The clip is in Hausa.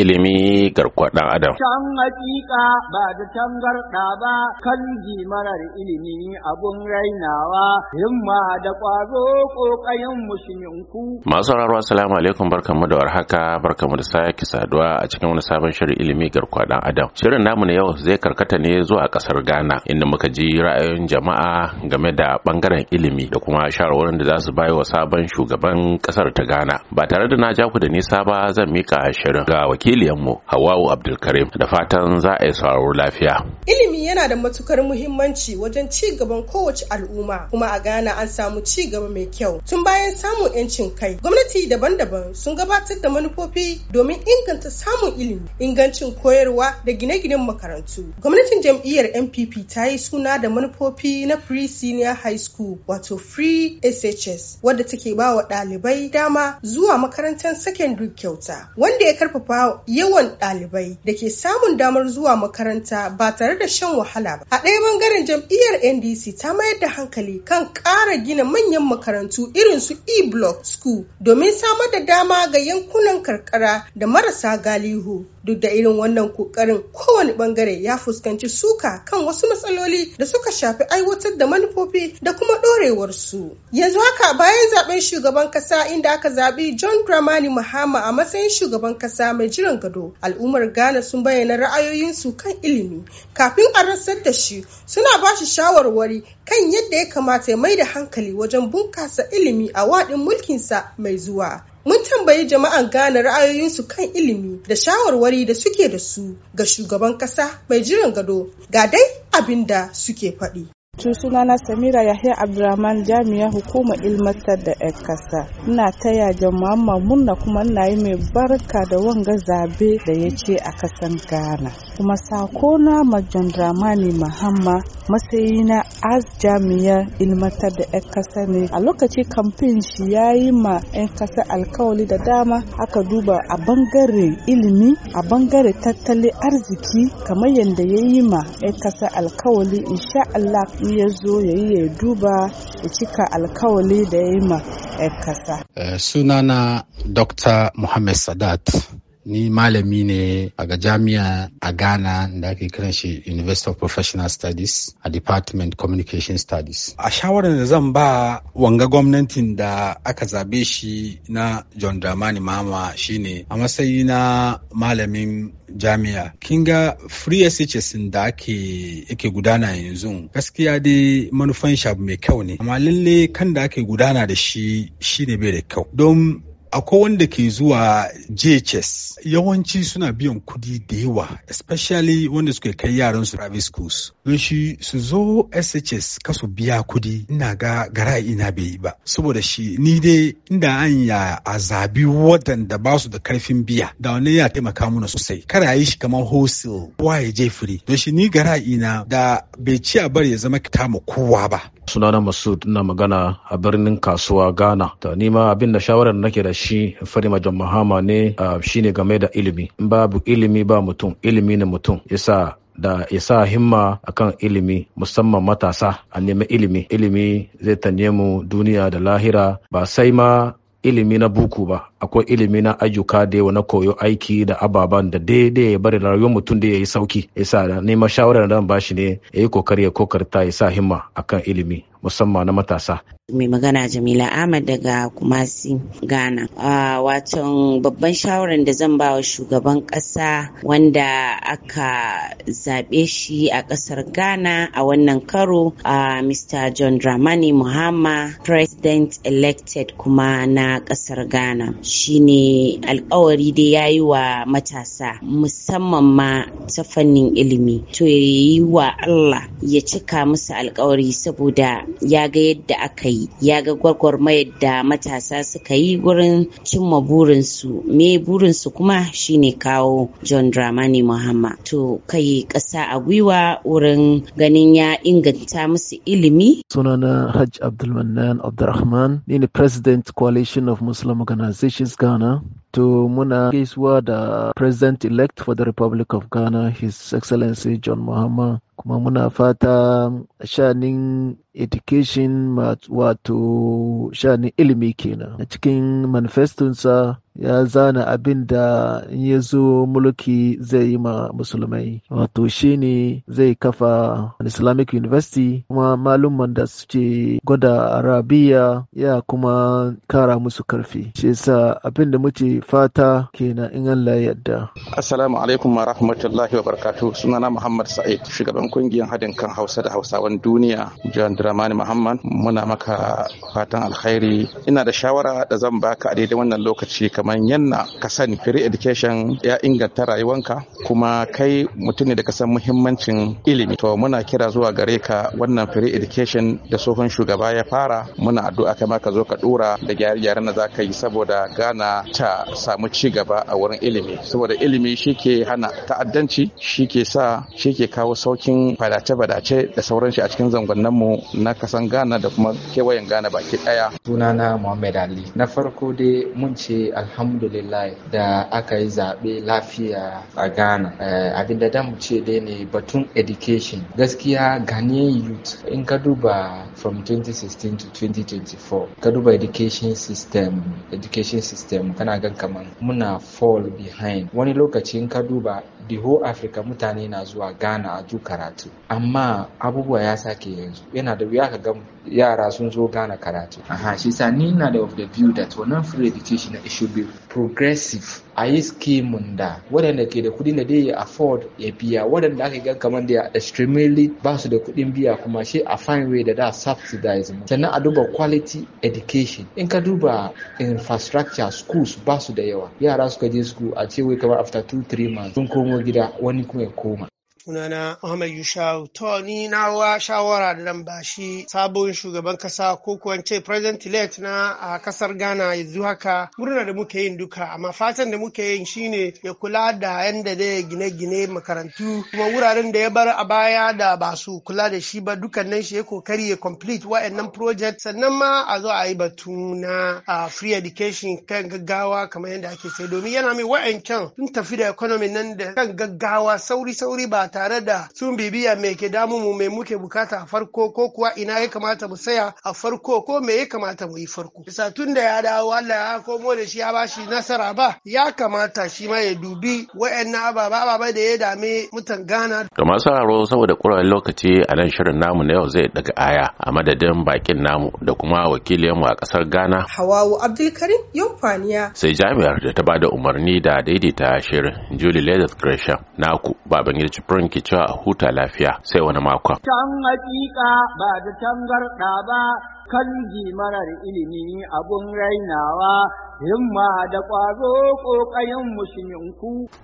ilimi garkuwa ɗan adam. Can hakika ba da tangarɗa ba kan marar ilimi abun rainawa himma da ƙwazo ƙoƙayen musulminku. Masu sauraro assalamu alaikum barkamu da warhaka barkamu da sake saduwa a cikin wani sabon shirin ilimi garkuwa ɗan adam. Shirin namu na yau zai karkata ne zuwa ƙasar Ghana inda muka ji ra'ayoyin jama'a game da ɓangaren ilimi da kuma shawarwarin da za su bayo wa sabon shugaban ƙasar ta Ghana. Ba tare da na ja ku da nisa ba zan miƙa shirin ga wakiliyanmu Hawwa'u Abdulkarim da fatan za a yi sauraro lafiya. Ilimi yana da matukar muhimmanci wajen ci gaban kowace al'umma kuma a Ghana an samu ci gaba mai kyau. Tun bayan samun 'yancin kai, gwamnati daban-daban sun gabatar da manufofi domin inganta samun ilimi, ingancin koyarwa da gine-ginen makarantu. Gwamnatin jam'iyyar NPP ta yi suna da manufofi na Free Senior High School wato Free SHS wadda take ba wa ɗalibai dama zuwa makarantar secondary kyauta wanda ya karfafa yawan ɗalibai da ke samun damar zuwa makaranta ba tare da shan wahala ba. A ɗaya bangaren jam'iyyar NDC ta mayar da hankali kan ƙara gina manyan makarantu irin su E-Block School domin samar da dama ga yankunan karkara da marasa galihu. Duk da irin wannan kokarin kowane bangare ya fuskanci suka kan wasu matsaloli da suka shafi aiwatar da manufofi da kuma ɗorewarsu. Yanzu haka bayan zaben shugaban ƙasa inda aka zaɓi John Dramani Mahama a matsayin shugaban kasa mai jiran gado al'ummar ghana sun bayyana ra'ayoyinsu kan ilimi kafin a rasar da shi suna ba shi shawarwari kan yadda ya kamata ya mai da hankali wajen bunkasa ilimi a waɗin mulkinsa mai zuwa mun tambayi jama'an gane ra'ayoyinsu kan ilimi da shawarwari da suke da su ga shugaban kasa mai jiran gado ga dai abin da suke faɗi. Tun sunana Samira Yahya Abdulrahman jami'a hukumar ilmantar da 'yan kasa. Ina taya muhammad murna kuma ina yi mai barka da wanga zabe da ya ce a kasan Ghana. Kuma sako na Majon muhammad Mahamma matsayi na as jami'ar ilmantar da 'yan kasa ne a lokaci kamfen shi ya yi ma 'yan kasa alkawali da dama aka duba a bangare ilimi a bangare tattalin arziki kamar yadda ya yi ma 'yan kasa alkawali insha Allah ya zo ya yi ya duba ya cika alkawali da ya yi ma 'yan kasa. Eh, sunana dr muhammad sadat ni malami ne a ga jami'a a ghana da ake kiran shi university of professional studies a department communication studies a shawarar da zan ba wanga gwamnatin da aka zabe shi na john dramani mama shine a matsayi na malamin jami'a Kinga ga free shs da ake yake gudana yanzu gaskiya dai manufan shabu mai kyau ne amma lalle kan da ake gudana da shi shine bai da kyau don akwai wanda ke zuwa JHS yawanci suna biyan kudi da yawa especially wanda suke kai yaran su private schools don shi su zo SHS kasu biya kudi ina ga gara ina bai yi ba saboda shi ni dai inda an ya a zabi waɗanda ba su da karfin biya da wani ya taimaka mana sosai kara yi shi kamar hosil kowa ya je free don shi ni gara ina da bai ci a bari ya zama kita ma kowa ba sunana masud na magana a birnin kasuwa ghana da nima abin da shawarar nake da shi fari John Mahama ne shine game da ilimi. Babu ilimi ba mutum, ilimi na mutum. Yasa da ya sa himma akan ilimi musamman matasa a nemi ilimi ilimi zai ta mu duniya da lahira ba sai ma ilimi na buku ba akwai ilimi na ayyuka da yawa na koyo aiki da ababen da daidai ya bari rayuwar mutum da ya yi sauki da neman shawarar da ba shi ne ya yi kokari ya kokarta ya sa himma akan ilimi musamman na matasa. Mai magana Jamila Ahmad daga Kumasi Ghana. Uh, Watan babban shawarar da zan ba wa shugaban ƙasa wanda aka zaɓe shi a ƙasar Ghana a wannan karo a Mr. John Dramani Muhammad President elected kuma na ƙasar Ghana shine alkawari da ya yi wa matasa musamman ma ta fannin ilimi to ya yi wa Allah ya cika musu alkawari saboda ya ga yadda aka yi ya ga gwagwarmayar da matasa suka yi wurin cimma burinsu me burinsu kuma shine kawo john dramani muhammad to kai ƙasa a gwiwa wurin ganin ya inganta musu ilimi sunana hajj abdulmanan abdulrahman ni ne president coalition of muslim organizations ghana To muna gaisuwa da President elect for the Republic of Ghana, His Excellency John Mahama. Kuma muna fata shanin education wato shanin ilimi kenan. A cikin manifestonsa ya zana abin da in ya zo mulki zai yi ma musulmai wato shi ne zai kafa an islamic university kuma malumman da suke gwada arabiya ya kuma kara musu karfi shi yasa abin da muke fata kenan in Allah yadda assalamu alaikum wa rahmatullahi wa barakatuh sunana muhammad sa'id shugaban kungiyar hadin kan hausa da hausawan duniya jihar dramani muhammad muna maka fatan alkhairi ina da shawara da zan baka a daidai wannan lokaci ka kamar yanna ka sani free education ya inganta rayuwanka kuma kai mutum ne da kasan muhimmancin ilimi to muna kira zuwa gare ka wannan free education da tsohon shugaba ya fara muna addu'a kai ma ka zo ka dora da gyare gyare na za ka yi saboda gana ta samu ci gaba a wurin ilimi saboda ilimi shike hana ta'addanci shike sa shike kawo saukin fadace-fadace da sauran shi a cikin zangonnan mu na kasan gana da kuma kewayen gana baki daya sunana Muhammad Ali na farko dai mun ce alhamdulillah da aka yi zaɓe lafiya a ghana eh, abin da mu ce dai ne batun education gaskiya ghanaian youth in ka duba from 2016 to 2024 ka duba education system education system kana gan kaman muna fall behind wani lokaci in ka duba the whole africa mutane na zuwa ghana a duk karatu amma abubuwa ya sake yanzu yana da wuya ka ga yara sun zo gane karatu aha shi sa ni na da of the view that wannan free education it should be progressive a yi skimin da waɗanda ke da kuɗi da dai afford ya biya waɗanda aka gan kamar da extremely ba su da kuɗin biya kuma shi a fine way da da subsidize mu sannan a duba quality education in ka duba infrastructure schools ba su da yawa yara suka je school a ce wai kamar after two three months sun komo gida wani kuma ya koma sunana Ahmad Yushau. To ni na wa shawara da ba bashi sabon shugaban kasa ko kuwan ce president elect na a kasar Ghana yanzu haka murna da muke yin duka amma fatan da muke yin shine ya kula da yanda da gine-gine makarantu kuma wuraren da ya bar a baya da ba su kula da shi ba dukkanin shi ya kokari ya complete wa'annan project sannan ma a zo a yi batu na free education kan gaggawa kamar yadda ake sai domin yana mai wa'ancan Tun tafi da economy nan da kan gaggawa sauri-sauri ba tare da sun bibiya me ke damu mu me muke bukata a farko ko kuwa ina ya kamata mu saya a farko ko me ya kamata mu yi farko bisa tun da ya dawo Allah ya komo da shi ya bashi nasara ba ya kamata shi ma ya dubi wa'annan ababa ababa da ya dame mutan Ghana to masu sauraro saboda kuran lokaci a nan shirin namu na yau zai daga aya a madadin bakin namu da kuma mu a kasar Ghana Hawawu Abdulkarim faniya. sai jami'ar da ta bada umarni da daidaita shirin Julie Leather Gresham naku baban Prince labaran cewa a huta lafiya sai wani mako. Can hakika ba da tangarɗa ba kan marar ilimi abun rainawa himma da ƙwazo ƙoƙayen musulminku.